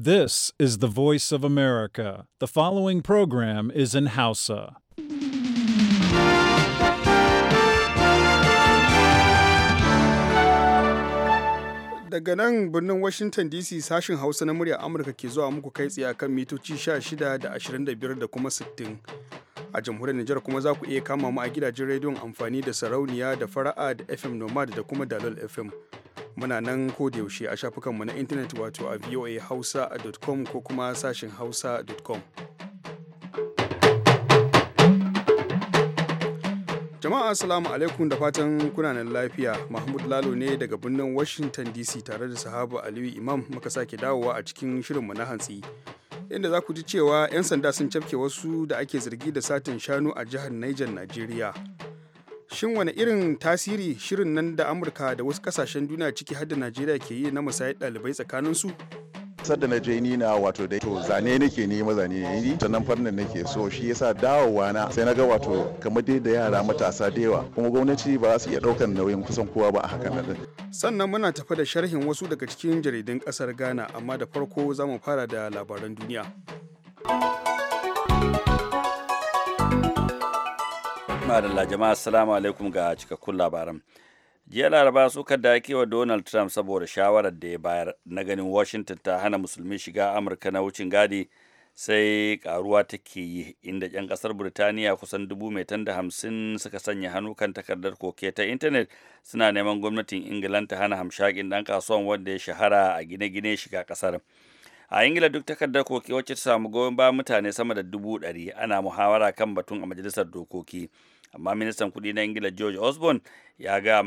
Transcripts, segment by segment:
This is the voice of America. The following program is in Hausa. Daga nan birnin Washington DC Sashen Hausa na murya Amurka ke zuwa muku kai tsaye kan mitoci 16 da 25 da kuma 60. A jamhuriyar Nijar kuma za ku iya kama mu a gidajen rediyon amfani da sarauniya da fara'a da FM Nomad da kuma Dalol FM. muna nan yaushe a shafukanmu na intanet wato a voahausa.com ko kuma sashin hausa.com jama'a assalamu alaikum da fatan nan lafiya mahmud lalo ne daga birnin washington dc tare da sahaba aliyu imam muka sake dawowa a cikin shirinmu na hantsi inda za ku ji cewa 'yan sanda sun cafke wasu da ake zargi da satin shanu a jihar niger nigeria Shin wani irin tasiri shirin nan da Amurka da wasu kasashen duniya ciki har Najeriya ke yi na musayar ɗalibai tsakaninsu? kasar da na je ni na wato dai to zane nake ni mazane ne ni sannan fannin nake so shi yasa dawowa na sai naga wato kamar dai da yara matasa da yawa kuma gwamnati ba za su iya ɗaukan nauyin kusan kowa ba a hakan nan sannan muna tafa da sharhin wasu daga cikin jaridun kasar Ghana amma da farko za mu fara da labaran duniya. Madalla jama'a assalamu alaikum ga cikakkun labaran. Jiya laraba suka dake wa Donald Trump saboda shawarar da ya bayar na ganin Washington ta hana musulmi shiga Amurka na wucin gadi sai karuwa take yi inda 'yan kasar burtaniya kusan dubu mai da hamsin suka sanya hannu kan takardar koke ta intanet suna neman gwamnatin Ingila ta hana hamshakin dan kasuwan wanda ya shahara a gine-gine shiga kasar. a ingila duk takardar koke wacce ta samu goyon ba mutane sama da dubu ɗari ana muhawara kan batun a majalisar dokoki amma ministan kudi na ingila george osborne ya ga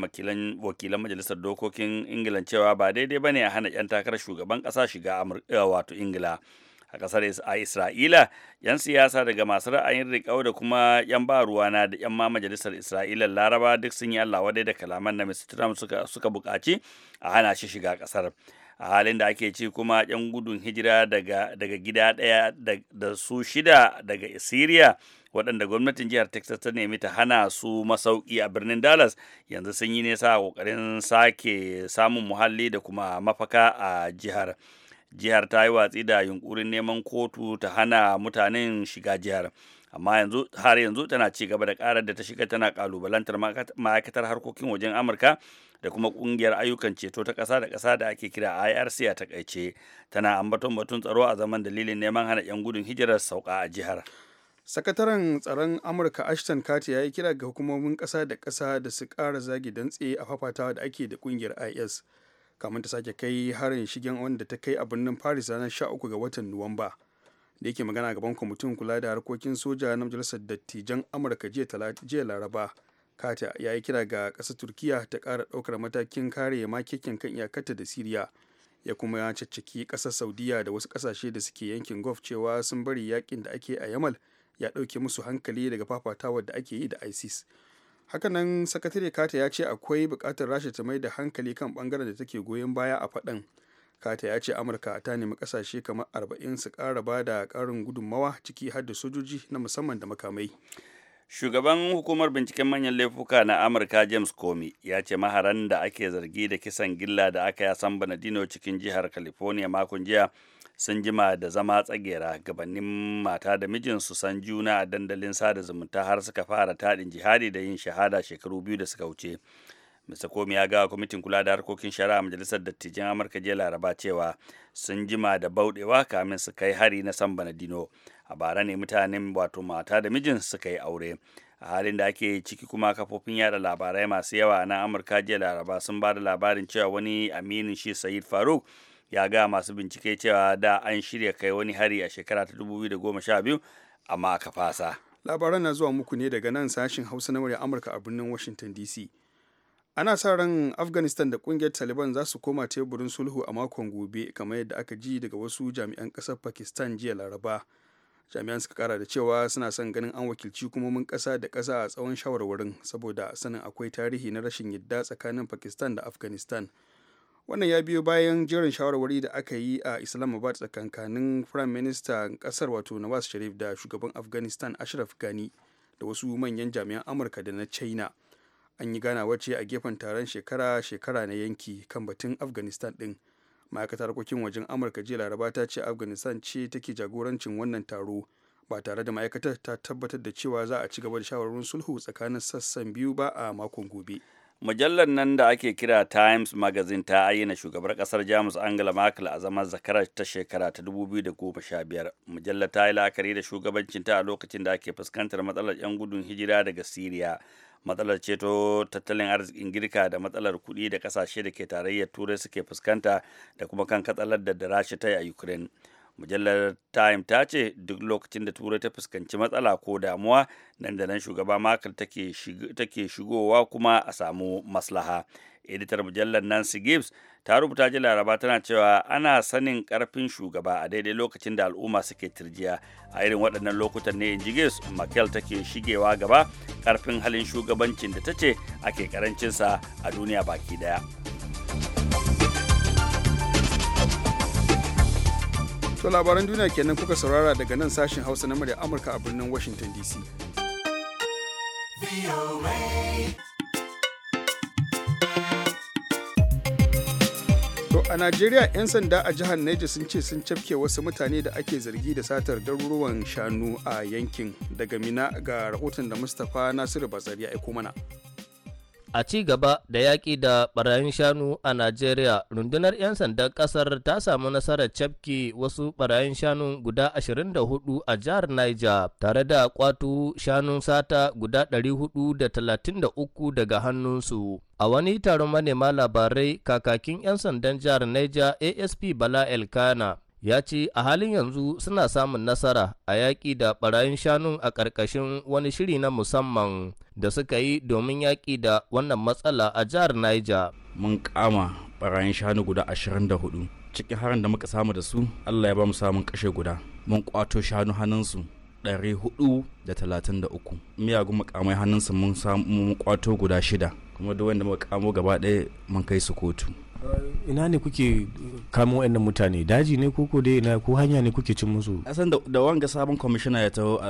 wakilan majalisar dokokin ingila cewa ba daidai ba ne a hana 'yan takarar shugaban ƙasa shiga eh, wato ingila a kasar a isra'ila 'yan siyasa daga masu ra'ayin riƙau da kuma 'yan ba ruwana da 'yan ma majalisar isra'ila laraba duk sun yi allah wadai da kalaman na mr trump suka, suka buƙaci a hana shi shiga kasar a halin da ake ci kuma 'yan gudun hijira daga, gida ɗaya da, su shida daga syria waɗanda gwamnatin jihar texas ta nemi ta hana su masauki a birnin dallas yanzu sun yi nesa a ƙoƙarin sake samun muhalli da kuma mafaka a jihar jihar ta yi watsi da yunkurin neman kotu ta hana mutanen shiga jihar amma yanzu har yanzu tana ci gaba da ƙarar da ta shiga tana kalubalantar ma'aikatar harkokin wajen amurka da kuma ƙungiyar ayyukan ceto ta ƙasa da ƙasa da ake kira irc a takaice tana ambaton batun tsaro a zaman dalilin neman hana 'yan gudun hijirar sauka a jihar sakataren tsaron amurka ashton carter ya yi kira ga hukumomin ƙasa da kasa da su kara zagi dantse a fafatawa da ake da kungiyar is kamun ta sake kai harin shigen wanda ta kai a birnin paris ranar 13 ga watan nuwamba da yake magana gaban kwamitin kula da harkokin soja na majalisar dattijan amurka jiya laraba kata ya yi kira ga ƙasar turkiya ta kara ɗaukar matakin kare makekin kan iyakarta da siriya ya kuma ya caccaki ƙasar saudiya da wasu ƙasashe da suke yankin gulf cewa sun bari yakin da ake a yamal ya ɗauke musu hankali daga fafatawar da ake yi da isis hakanan sakatare kata ya ce akwai buƙatar rasha ta mai da hankali kan ɓangaren da take goyon baya a faɗan kata ya ce amurka ta nemi ƙasashe kamar arba'in su ƙara ba da ƙarin gudunmawa ciki har da sojoji na musamman da makamai shugaban hukumar binciken manyan laifuka na amurka james comey ya ce maharan da ake zargi da kisan gilla da aka ya san banadino cikin jihar california makon jiya sun jima da zama tsagera gabanin mata da mijinsu san juna a dandalin sada zumunta har suka fara taɗin jihadi da yin shahada shekaru biyu da suka wuce Mr. komi ya gawa kwamitin kula da harkokin shari'a majalisar dattijan Amurka jiya Laraba cewa sun jima da bauɗewa kamin su kai hari na San Banadino. A bara ne mutanen wato mata da mijin suka yi aure. A halin da ake ciki kuma kafofin yada labarai masu yawa na Amurka jiya Laraba sun ba da labarin cewa wani aminin shi sayid Faruk ya ga masu bincike cewa da an shirya kai wani hari a shekara ta 2012 amma aka fasa labaran na zuwa muku ne daga nan sashin hausa na murya amurka a birnin washington dc ana sa ran afghanistan da kungiyar taliban za su koma teburin sulhu a makon gobe kamar yadda aka ji daga wasu jami'an kasar pakistan jiya laraba jami'an suka kara da cewa suna son ganin an wakilci hukumomin kasa da kasa a tsawon shawarwarin saboda sanin akwai tarihi na rashin yadda tsakanin pakistan da afghanistan wannan ya biyo bayan jerin shawarwari da aka yi a islamabad tsakankanin prime ministan kasar wato nawaz sharif da shugaban afghanistan ashraf ghani da wasu manyan jami'an amurka da na china an yi gana wace a gefen taron shekara-shekara na yanki kan batun afghanistan din ma'aikatar harkokin wajen amurka jiya laraba ta ce afghanistan ce take jagorancin wannan taro ba tare da ma'aikatar ta tabbatar da cewa za a ci gaba da shawarwarin sulhu tsakanin sassan biyu ba a makon gobe. mujallar nan da ake kira times magazine ta ayyana shugabar kasar jamus angela merkel a zaman zakarar ta shekara ta 2015 mujallar ta yi la'akari da shugabancinta a lokacin da ake fuskantar matsalar 'yan gudun hijira daga syria matsalar ceto tattalin arzikin girka da matsalar kuɗi da ƙasashe da ke tarayyar turai suke fuskanta da kuma kan katsalar da rasha ta yi a ukraine mujallar time ta ce duk lokacin da turai ta fuskanci matsala ko damuwa nan da nan shugaba makar take shigowa kuma a samu maslaha editar mujallar nancy gibbs ta rubuta ji laraba tana cewa ana sanin karfin shugaba a daidai lokacin da al'umma suke tirjiya a irin waɗannan lokutan ne in ji gibbs makel take shigewa gaba karfin halin shugabancin da ta ce ake karancinsa a duniya baki daya To labaran duniya kenan kuka saurara daga nan sashen Hausa na murya Amurka a birnin Washington DC. To a Najeriya 'yan sanda a jihar Neja sun ce sun cafke wasu mutane da ake zargi da satar daruruwan shanu a yankin daga Mina ga rahoton da Mustapha Nasiru bazari ya aiko mana. A ci gaba da yaƙi da ɓarayin shanu a Najeriya, rundunar 'yan sandan ƙasar ta samu nasarar cafke wasu ɓarayin shanu guda 24 a jihar Niger, tare da ƙwato shanu sata guda 433 daga hannunsu. A wani taron manema labarai, kakakin 'yan sandan jihar Niger ASP Bala Elkana ya ce a halin yanzu suna samun nasara a yaƙi da ɓarayin shanun a ƙarƙashin wani shiri na musamman da suka yi domin yaƙi da wannan matsala a jihar Niger. Mun kama ɓarayin shanu guda 24 cikin harin da muka samu da su Allah ya ba mu samun kashe guda mun kwato shanu hannunsu 433 miyagun makamai hannunsu mun samu mun kwato guda shida kuma duk wanda muka kamo gaba ɗaya mun kai su kotu. ina ne kuke kamo wayannan mutane daji ne ko ko dai ina ko hanya ne kuke cin musu asan da wanga sabon kwamishina ya taho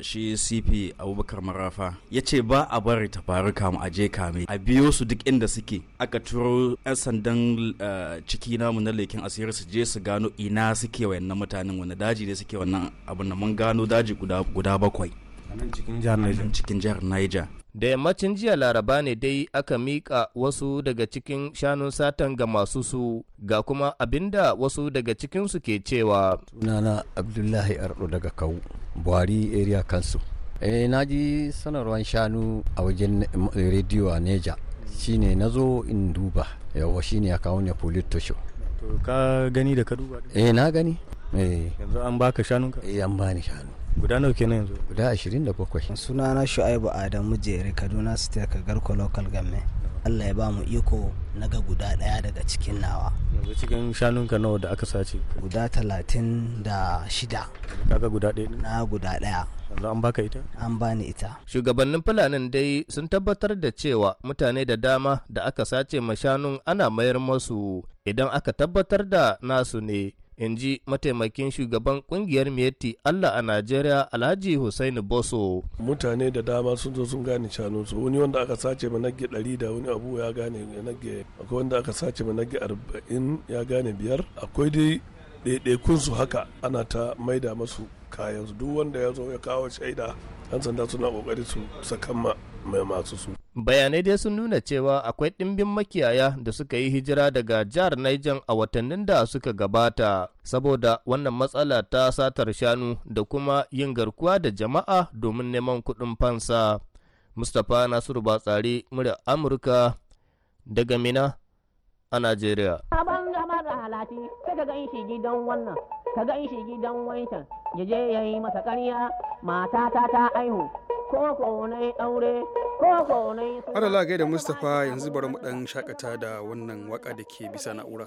shi CP Abubakar Marafa ya ce ba a bari ta faru kamu a je kame a biyo su duk inda suke aka turo yan sandan ciki namu na lekin asiri su je su gano ina suke wayannan mutanen wani daji ne suke wannan abin mun gano daji guda bakwai cikin jihar niger da yammacin jiya laraba ne dai aka miƙa wasu daga cikin shanun satan ga masu su ga kuma abinda wasu daga cikinsu ke cewa Tunana abdullahi ardo daga kawu buhari area kansu. E, eh, na ji sanarwar shanu a wajen rediyo a neja shine na zo in duba yawa shi ya kawo ne polito show to ka gani da ka duba E, na gani eh. yanzu an baka shanunka eh an bani shanu guda nawa kenan yanzu guda 27 sunana shu'aibu adamu jere kaduna state kagarko local government allah ya ba mu iko na ga guda daya daga cikin nawa yanzu cikin shanunka nawa da aka sace guda talatin da shida kaga guda daya. na guda daya. yanzu an baka ita an bani ita shugabannin fulanin dai sun tabbatar da cewa mutane da dama da aka sace ma shanun ana mayar masu idan aka tabbatar da nasu ne in ji mataimakin shugaban kungiyar miyatti Allah a Najeriya Alhaji Hussaini Boso. Mutane da dama sun zo sun gane su wani wanda aka sace nage ɗari da wani abu ya gane nage akwai wanda aka sace nage arba'in ya gane biyar akwai dai su haka ana ta maida masu kayan su duk wanda ya zo ya kawo shaida an sanda suna ƙoƙari su sakamma masu su. Bayanai dai sun nuna cewa akwai ɗimbin makiyaya da suka yi hijira daga jihar Niger a watannin da suka gabata saboda wannan matsala ta satar shanu da kuma yin garkuwa da jama'a domin neman kuɗin fansa. Mustapha Nasiru Batsari, murya Amurka daga Mina a Najeriya. sabon da sai ka ga in shi gidan wannan, ka ga in gidan wancan, ya je ya yi masa mata matata ta aihu, aure, Adala da Mustapha yanzu bari mu ɗan shakata da wannan waka da ke bisa na'ura.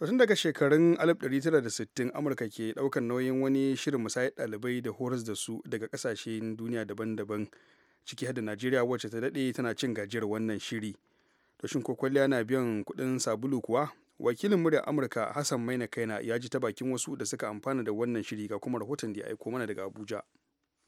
to tun daga shekarun 1960 amurka ke ɗaukar nauyin wani shirin musayar ɗalibai da horas da su daga ƙasashen duniya daban-daban ciki har da najeriya wacce ta daɗe tana cin gajiyar wannan shiri to shin ko kwalliya na biyan kuɗin sabulu kuwa wakilin muryar amurka hassan maina kaina ya ji ta bakin wasu da suka amfana da wannan shiri ga kuma rahoton da ya aiko mana daga abuja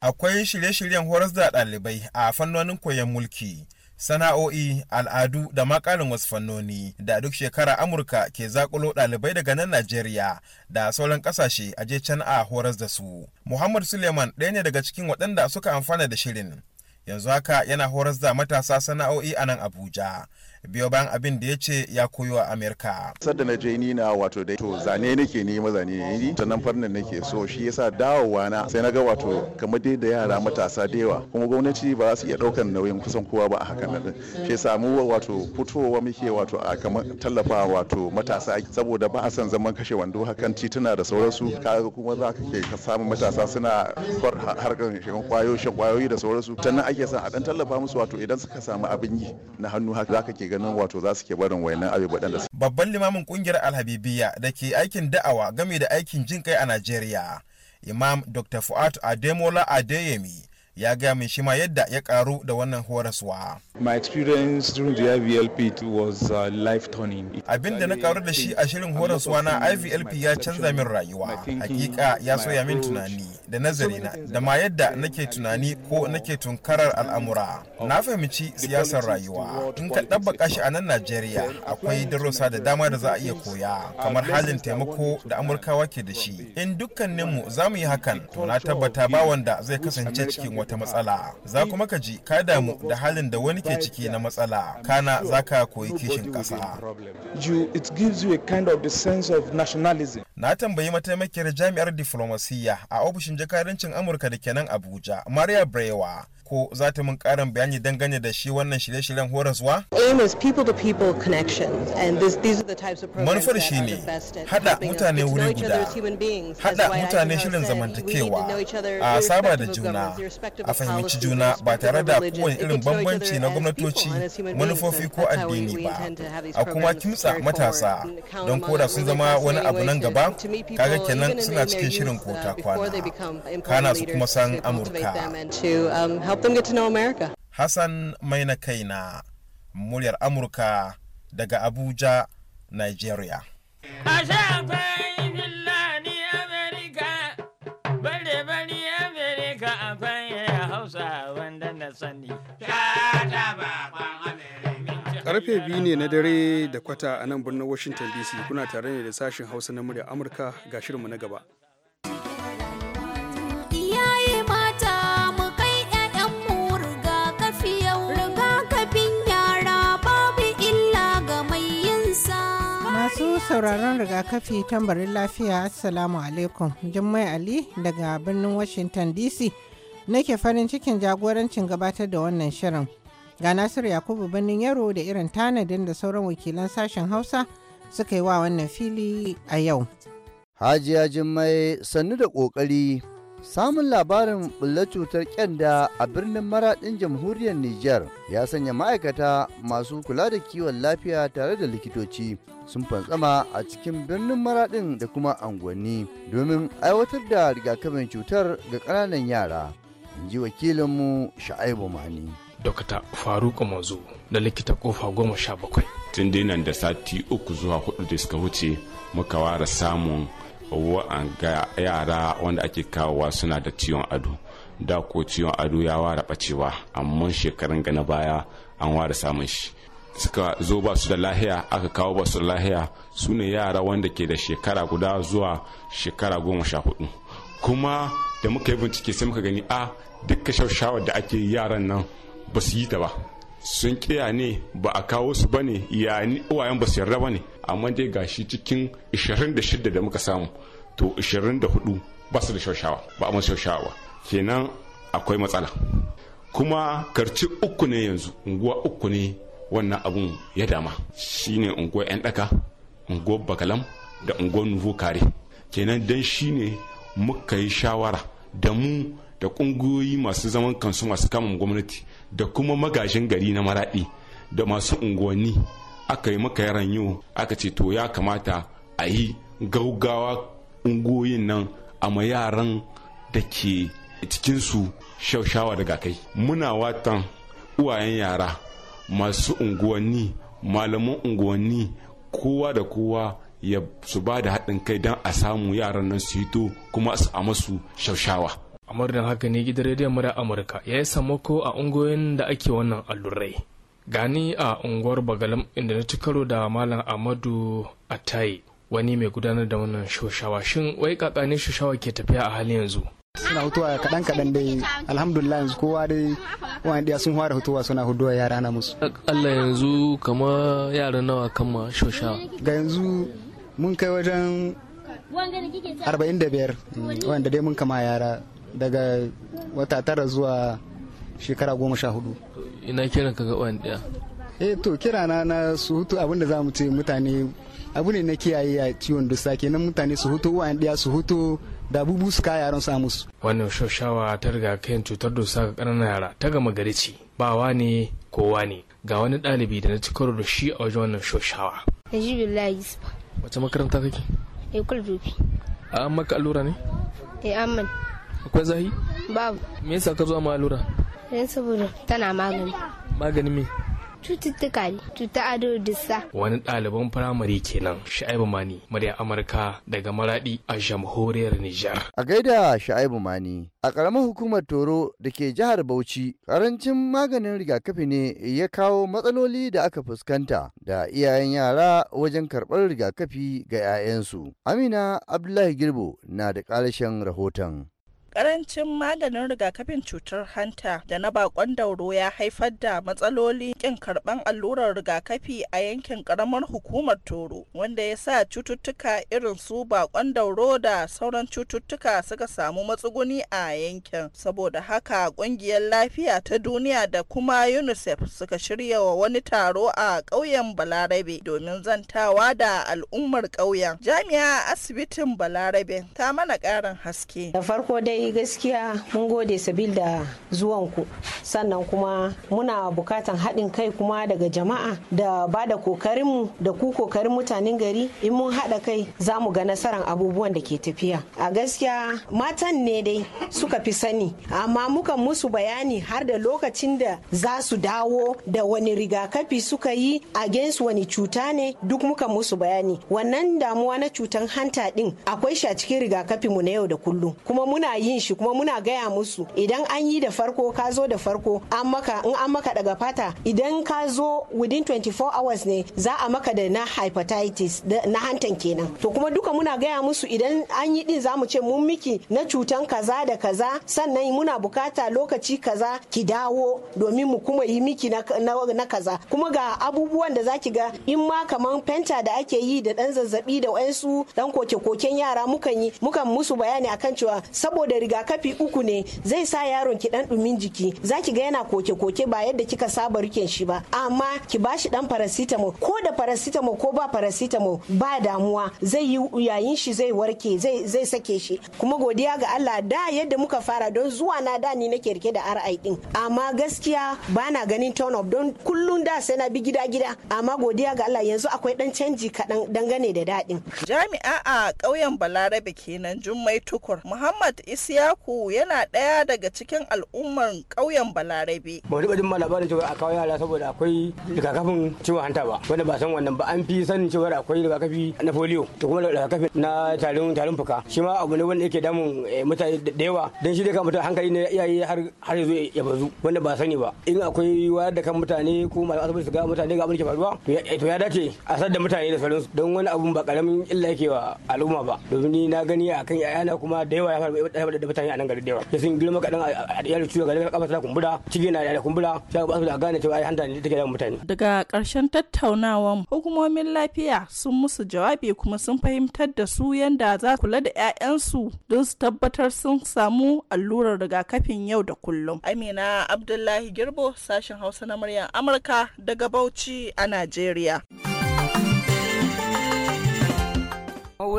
akwai shirye-shiryen horas da ɗalibai a fannonin koyon mulki sana'o'i al'adu da makalin wasu fannoni da duk shekara amurka ke zakulo ɗalibai daga nan najeriya da sauran ƙasashe a je can a horas da su muhammad suleiman ɗaya ne daga cikin waɗanda suka amfana da shirin yanzu haka yana horas da matasa sana'o'i a nan abuja biyo bayan abin da ya ce ya koyo a Amerika. Sadda na je ni na wato dai to zane nake ni ma zane ne ni sannan farnin nake so shi yasa dawowa na sai na ga wato kamar dai da yara matasa da yawa kuma gwamnati ba za su iya daukan nauyin kusan kowa ba a hakan nan shi yasa mu wato fitowa muke wato a kamar tallafa wato matasa saboda ba a son zaman kashe wando hakan tituna da sauransu kaga kuma za ka ke ka samu matasa suna harkar shigan kwayoyi shan kwayoyi da sauransu sannan ake son a dan tallafa musu wato idan suka samu abin yi na hannu haka za ka ke ganin wato za su ke barin wayannan abubuwan da babban limamin kungiyar alhabibiyya da ke aikin da'awa game da aikin jin kai a najeriya imam dr fuad ademola adeyemi ya ga min shi ma yadda ya karu da wannan horaswa. My experience during the IVLP was a uh, life turning. Abin da na karu da shi a shirin horaswa na IVLP ya canza min rayuwa. Hakika ya soya min tunani da nazari na da ma yadda nake tunani ko nake tunkarar al'amura. Na fahimci siyasar rayuwa. tun ka ɗabbaka shi a nan Najeriya akwai darussa da dama da za a iya koya kamar halin taimako da Amurkawa ke da shi. In dukkaninmu za mu yi hakan to na tabbata ba wanda zai kasance cikin wata matsala za kuma ka ji ka damu da halin da wani ke ciki na matsala kana za ka koyi kishin ƙasa na tambayi mataimakiyar jami'ar diflomasiyya a ofishin jakarancin amurka da kenan abuja maria brewa ko za ta mun karin bayani dangane da shi wannan shirye-shiryen horaswa? Manufar shi ne haɗa mutane wuri guda, hada mutane shirin zamantakewa, a saba da juna, a fahimci juna ba tare da kowane irin bambanci na gwamnatoci, manufofi ko addini ba, a kuma kimtsa matasa don koda sun zama wani abu nan gaba, kaga kenan suna cikin shirin kota uh, kwana, kana su kuma san Amurka. them get to know America. Hassan Maina Kaina, muryar Amurka daga Abuja, Nigeria. Karfe biyu ne na dare da kwata a nan birnin Washington DC kuna tare ne da sashen Hausa na murya Amurka ga shirinmu na gaba. sauraron rigakafi tambarin lafiya Assalamu alaikum. Jummai Ali daga birnin Washington DC nake farin cikin jagorancin gabatar da wannan shirin. Ga Nasiru Yakubu birnin Yaro da irin tanadin da sauran wakilan sashen Hausa suka yi wa wannan fili a yau. Hajiya Jummai sannu da ƙoƙari Samun labarin bulla cutar kyanda a birnin maradin jamhuriyar Nijar ya sanya ma'aikata masu kula da kiwon lafiya tare da likitoci sun fantsama a cikin birnin maradin da kuma unguwanni domin aiwatar da rigakafin cutar ga ƙananan yara. In ji wakilinmu Sha'aibu Mani. Dokta Faruk Mazu da likita kofa goma sha bakwai. Tun da sati uku zuwa hudu da suka wuce muka ware samun ga yara wanda ake kawowa suna da ciwon ado da ko ciwon ado ya wara bacewa amma shekarun ga na baya an wara samun shi suka zo ba su da lahiya aka kawo ba su da lahiya su ne yara wanda ke da shekara guda zuwa shekara goma sha hudu kuma da muka yi bincike sai muka gani a duka shawar da ake yaran nan ba su yi ta ba sun kiya ne ba a kawo su ba ne ya uwayen ba su yarda ba ne amma dai gashi cikin 26 da muka samu to 24 ba su da shaushawa ba a shaushawa kenan akwai matsala kuma karci uku ne yanzu unguwa uku ne wannan abun ya dama shine unguwar 'yan daka unguwar bakalam da unguwar nuvo kare kenan dan shine muka yi shawara da mu da kungiyoyi masu zaman kansu masu kamun gwamnati da kuma magajin gari na maraɗi da masu unguwanni aka yi maka yaran yau aka ce to ya kamata a yi gaugawa ungoyin nan a ma yaran da ke cikinsu shaushawa daga kai muna watan uwayen yara masu unguwanni malaman unguwanni kowa da kowa ya su ba da haɗin kai don a samu yaran nan su yi to kuma a masu shaushawa a madadin haka ne gidan rediyon murya amurka ya yi samako a ungoyin da ake wannan allurai gani a unguwar bagalam inda na ci karo da malam amadu atai wani mai gudanar da wannan shoshawa shin wai kakanin shoshawa ke tafiya a halin yanzu suna hutuwa kaɗan kaɗan dai alhamdulillah yanzu kowa dai wani ɗaya sun fara hutuwa suna huduwa yara na musu Allah yanzu kama yara nawa kama shoshawa ga yanzu mun kai wajen 45 mm, wanda dai mun kama yara daga wata tara zuwa shekara goma sha hudu ina kiran ka gaban ɗaya E to kira na na su hutu abinda za mu ce mutane abu ne na kiyaye a ciwon dusa kenan mutane su hutu wa'an ɗaya su hutu da bubu su kaya yaron sa musu wannan shoshawa ta riga kayan cutar dusa ga ƙananan yara ta gama gari ce bawa ne kowa ne ga wani ɗalibi da na ci karo da shi a wajen wannan shoshawa Najibullahi Isma. Wace makaranta kake? Ekul Dubi. A an maka allura ne? Eh, amman. akwai zahi babu me yasa ka zo ma allura dan saboda tana magani magani me cututtuka ne cuta ado dissa wani ɗaliban firamare kenan sha'ibu mani murya amurka daga maradi a jamhuriyar nijar a gaida sha'ibu mani a ƙaramar hukumar toro da ke jihar bauchi ƙarancin maganin rigakafi ne ya kawo matsaloli da aka fuskanta da iyayen yara wajen karɓar rigakafi ga 'ya'yansu amina abdullahi girbo na da ƙarshen rahoton Karancin maganin rigakafin cutar hanta da na bakon dauro ya haifar da matsaloli kin karban allurar rigakafi a yankin karamar hukumar Toro wanda ya sa cututtuka irin su bakon dauro da sauran cututtuka suka samu matsuguni a yankin. Saboda haka kungiyar lafiya ta duniya da kuma UNICEF suka shirya wa wani taro a ƙauyen Balarabe domin zantawa da al'ummar ƙauyen. Jami'a asibitin Balarabe ta mana ƙarin haske. Da farko dai yi eh, gaskiya mun gode sabil da zuwanku sannan kuma muna bukatan haɗin kai kuma daga jama'a da ba da kokarinmu da ku kokarin mutanen gari in mun haɗa kai za mu ga nasarar abubuwan da ke tafiya a gaskiya matan ne dai suka fi sani amma muka musu bayani har da lokacin da za su dawo da wani rigakafi suka yi a against wani cuta ne duk muka musu bayani wannan damuwa na cutan hanta din akwai shi a cikin mu na yau da kullum kuma muna yi jin shi kuma muna gaya musu idan an yi da farko ka zo da farko an maka in an maka daga fata idan ka zo within 24 hours ne za a maka da na hepatitis na hantan kenan to kuma duka muna gaya musu idan an yi din za mu ce mun miki na cutan kaza da kaza sannan muna bukata lokaci kaza ki dawo domin mu kuma yi miki na, kaza kuma ga abubuwan da zaki ga in ma kaman fenta da ake yi da dan zazzabi da wayansu dan koke-koken yara mukan yi mukan musu bayani akan cewa saboda rigakafi uku ne zai sa yaron ki dan dumin jiki zaki ga yana koke koke ba yadda kika saba riken shi ba amma ki ba shi dan paracetamol ko da paracetamol ko ba paracetamol ba damuwa zai yi yayin shi zai warke zai zai sake shi kuma godiya ga Allah da yadda muka fara don zuwa na da ni nake rike da RI din amma gaskiya bana ganin turn up don kullun da sai na bi gida gida amma godiya ga Allah yanzu akwai dan canji kaɗan dangane da daɗin. Jami'a a ƙauyen Balarabe kenan Jummai Tukur Muhammad Isi Siyaku yana ɗaya daga cikin al'ummar ƙauyen Balarabe. Ba wani ma da cewa a kawo yara saboda akwai rigakafin ciwon hanta ba wanda ba san wannan ba an fi sanin cewa akwai rigakafi na polio da kuma rigakafi na tarin tarin fuka shi ma abu ne wanda yake damun eh, mutane da yawa don shi dai kan mutum hankali ne iyaye har har yanzu ya bazu wanda ba sani ba in akwai wayar da kan mutane ko malaman asibiti su ga mutane ga abin ke faruwa eh, to ya dace a sadda mutane da sauransu don wani abun ba ƙaramin illa yake wa al'umma ba domin ni na gani akan yayana kuma da yawa ya faru da mutane a nan gari da yawa da sun girma kaɗan a iyalin ciwo ga kafa ta kumbura ciki na da kumbura ta ba su da gane cewa ai hanta ne take da mutane daga karshen tattaunawar hukumomin lafiya sun musu jawabi kuma sun fahimtar da su yanda za kula da 'ya'yansu don su tabbatar sun samu allurar rigakafin yau da kullum amina abdullahi girbo sashen hausa na muryar amurka daga bauchi a najeriya.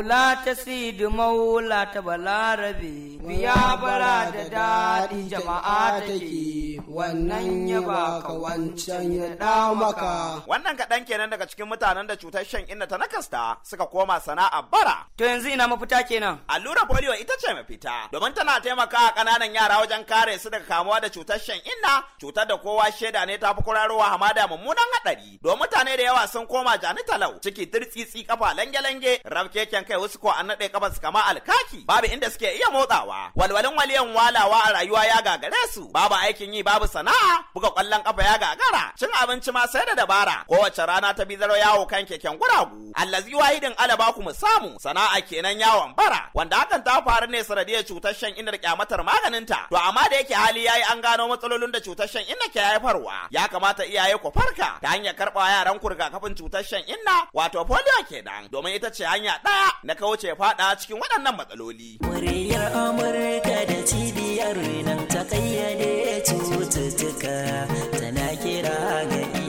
maula ta da maula ta balarabe biya bara da daɗi jama'a take wannan ya baka wancan ya da maka. Wannan kaɗan kenan daga cikin mutanen da cutar shan inna ta nakasta suka koma sana'a bara. To yanzu ina mafita kenan. Allurar polio ita ce mafita domin tana taimaka a ƙananan yara wajen kare su daga kamuwa da cutar shan inna cutar da kowa shaida ne ta fi kurarowa hamada mummunan haɗari. Don mutane da yawa sun koma jani talau ciki tirtsitsi kafa lange-lange rafkeken kai wasu ko an naɗe kafa su kama alkaki babu inda suke iya motsawa walwalin waliyan walawa a rayuwa ya gagare su babu aikin yi babu babu sana'a buga kwallon kafa ya gagara cin abinci ma sai da dabara kowace rana ta bizaro yawo kan keken guragu allazi wahidin alaba ku musamu samu sana'a kenan yawon bara wanda hakan ta faru ne sanadiyar cutar shan inar kyamatar maganinta to amma da yake hali yayi an gano matsalolin da cutar shan inna ke haifarwa ya kamata iyaye ku farka ta hanyar karba yaran ku rigakafin cutar shan inna wato polio kenan domin ita ce hanya daya na kauce faɗa cikin waɗannan matsaloli. Muryar Amurka da TV ƙungiyar nan ta ƙayyade cututtuka tana kira ga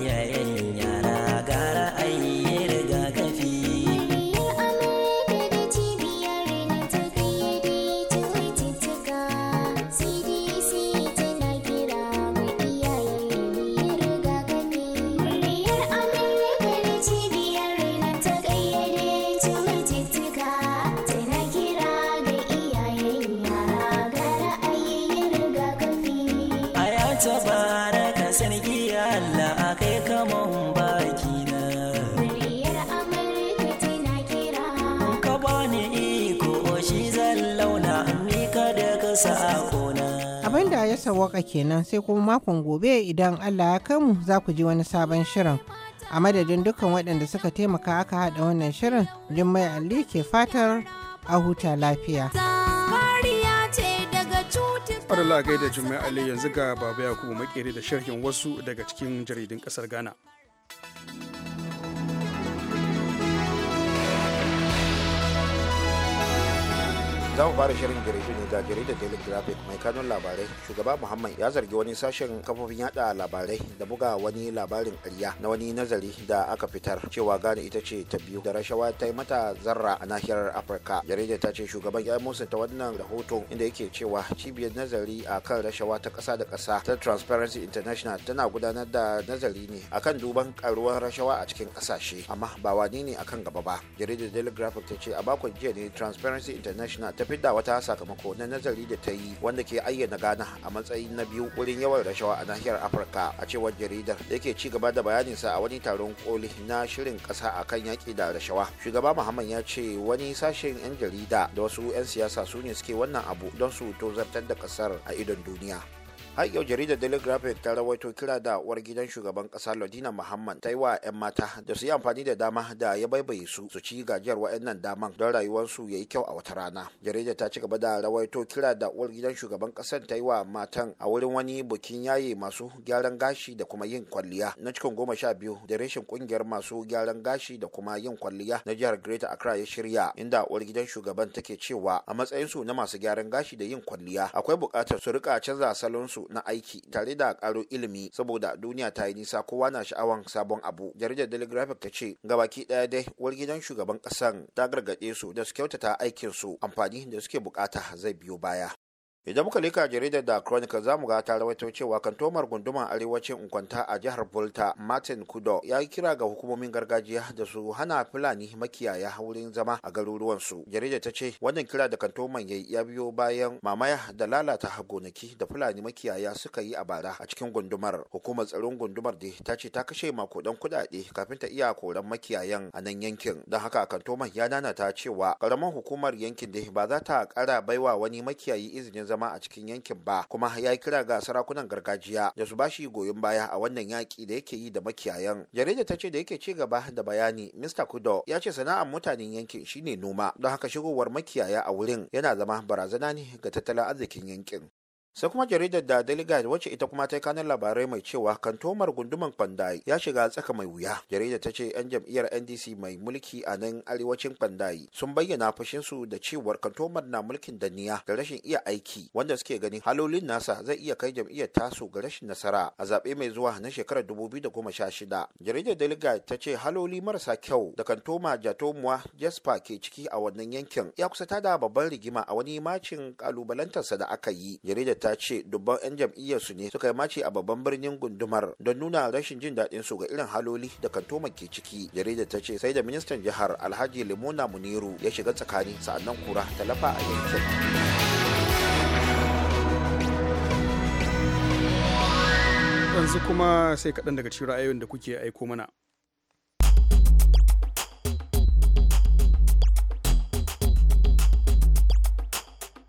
sawaka kenan sai kuma makon gobe idan Allah ya kai za ku ji wani sabon shirin. A madadin dukkan waɗanda suka taimaka aka haɗa wannan shirin, Jummai Ali ke fatar a huta lafiya. Fadala gaida Jummai Ali yanzu ga Baba Yakubu makere da sharhin wasu daga cikin jaridun kasar Ghana. za mu fara shirin jaridu ne da da daily graphic mai kanun labarai shugaba muhammad ya zargi wani sashen kafofin yada labarai da buga wani labarin ƙarya na wani nazari da aka fitar cewa gane ita ce ta biyu da rashawa ta yi mata zarra a nahiyar afirka jaridar ta ce shugaban ya musanta wannan rahoton inda yake cewa cibiyar nazari a kan rashawa ta ƙasa da ƙasa ta transparency international tana gudanar da nazari ne akan duban karuwar rashawa a cikin ƙasashe amma ba wani ne akan gaba ba jaridar daily graphic ta ce a bakon jiya ne transparency international ta fidda wata sakamako na nazari da ta yi wanda ke ayyana gana a matsayin na biyu wurin yawan rashawa a nahiyar afirka a cewar jaridar da yake ci gaba da bayaninsa a wani taron koli na shirin kasa akan yaki da rashawa shugaba muhammad ya ce wani sashen 'yan jarida da wasu 'yan siyasa su ne suke wannan abu don su tozartar da kasar a idon duniya har yau jaridar daily graphic ta rawaito kira da uwar gidan shugaban ƙasa, lodina muhammad ta yi wa 'yan mata da su yi amfani da dama da ya baibaye su su ci gajiyar wa'annan daman don rayuwarsu ya yi kyau a wata rana jaridar ta ci gaba da rawaito kira da uwar gidan shugaban kasar ta yi wa matan a wurin wani bukin yaye masu gyaran gashi da kuma yin kwalliya na cikin goma sha biyu da reshen ƙungiyar masu gyaran gashi da kuma yin kwalliya na jihar greater accra ya shirya inda uwar gidan shugaban take cewa a matsayinsu na masu gyaran gashi da yin kwalliya akwai buƙatar su rika canza salonsu na aiki tare da karo ilimi saboda duniya ta yi nisa kowa na sha'awan sabon abu jaridar telegraphic ta ce gabaki daya dai uwar gidan shugaban kasan ta gargaɗe su da su kyautata aikin su amfani da suke bukata zai biyo baya idan muka lika jaridar da chronicle za mu ga ta rawaito cewa kantomar gunduman arewacin unkwanta a jihar volta martin kudo ya yi kira ga hukumomin gargajiya da su hana fulani makiyaya wurin zama a garuruwansu jaridar ta ce wannan kira da kantoman ya ya biyo bayan mamaya da lalata gonaki da fulani makiyaya suka yi a bara a cikin gundumar hukumar tsaron gundumar da ta ce ta kashe makudan kudade kafin ta iya koran makiyayan a nan yankin don haka kantoman ya ta cewa karamin hukumar yankin da ba za ta kara baiwa wani makiyayi izinin zama a cikin yankin ba kuma ya yi kira ga sarakunan gargajiya da su bashi goyon baya a wannan yaki da yake yi da makiyayan jarida ta ce da yake ci gaba da bayani mr kudo ya ce sana'ar mutanen yankin shine noma don haka shigowar makiyaya a wurin yana zama barazana ne ga tattalin arzikin yankin sai kuma jaridar da delegate wacce ita kuma ta kanin labarai mai cewa kantomar gunduman kwandayi ya shiga tsaka mai wuya jaridar ta ce yan jam'iyyar ndc mai mulki a nan arewacin kwandayi sun bayyana fushinsu da cewar kantomar na mulkin danniya da rashin iya aiki wanda suke ganin halolin nasa zai iya kai jam'iyyar tasu ga rashin nasara a zaɓe mai zuwa na shekarar 2016 jaridar delegate ta ce haloli marasa kyau da kantoma jatomuwa jespa ke ciki a wannan yankin ya kusa tada babban rigima a wani macin kalubalantarsa da aka yi jaridar ta ce dubban 'yan jam'iyyarsu ne suka yi mace a babban birnin gundumar don nuna rashin jin daɗin su ga irin haloli da kantoma ke ciki jaridar ta ce sai da ministan jihar alhaji limona muniru ya shiga tsakani sa'annan kura ta lafa a yankin. yanzu kuma sai kaɗan daga cikin ra'ayoyin da kuke aiko mana.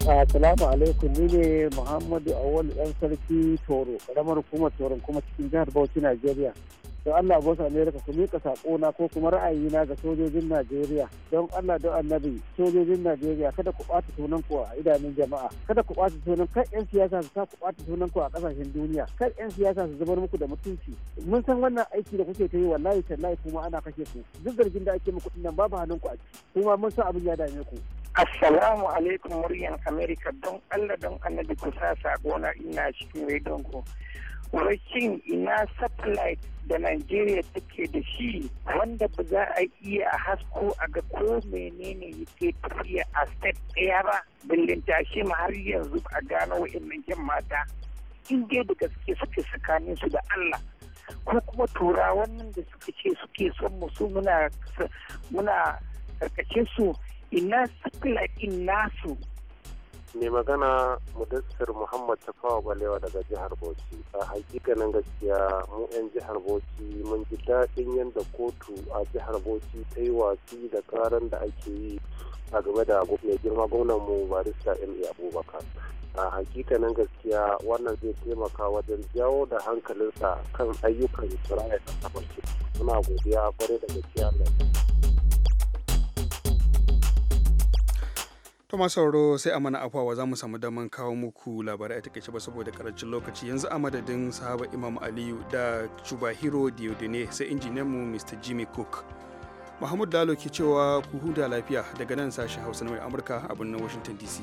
Assalamu alaikum ni ne Muhammadu Awal ɗan sarki Toro, ƙaramar hukumar Toron kuma cikin jihar Bauchi Najeriya. Don Allah bosa Amerika ku miƙa na ko kuma ra'ayi na ga sojojin Najeriya. Don Allah don annabi sojojin Najeriya kada ku ɓata sunan ku a idanun jama'a. Kada ku ɓata sunan kar 'yan siyasa su sa ku ɓata sunan ku a ƙasashen duniya. Kar 'yan siyasa su zubar muku da mutunci. Mun san wannan aiki da kuke ta yi wallahi tallahi kuma ana kashe ku. Duk zargin da ake muku ɗin nan babu hannun ku a ciki. Kuma mun san abin ya dame ku. Assalamu alaikum muryan Amerika don Allah don annabi ku sa na ina cikin redon ku. Wakin ina satellite da Najeriya take da shi wanda ba za a iya a hasko a ga ko menene yake tafiya a step ɗaya ba billin tashi ma har yanzu a gano nan yan mata. In dai da gaske suke tsakanin su da Allah ko kuma turawan nan da suka ce suke son mu su muna karkashin su ina ina su. mai magana mudassir muhammad tafawa balewa daga jihar bauchi a hakikanin gaskiya mu 'yan jihar bauchi mun ji daɗin yadda kotu a jihar bauchi ta yi watsi da karan da ake yi a game da mai girma gwamnan mu barista ma abubakar a hakika hakikanin gaskiya wannan zai taimaka wajen jawo da hankalinsa kan ayyukan da suna suna godiya kwarai da gaskiya To sauro sai a mana afuwa za mu samu daman kawo muku labarai a takaice ba saboda karancin lokaci yanzu a madadin sahaba Imam Aliyu da shubahiro diodine sai mu Mr. Jimmy Cook. Muhammadu Lalo ke cewa ku huda lafiya daga nan sashen Hausa na mai Amurka a birnin Washington DC.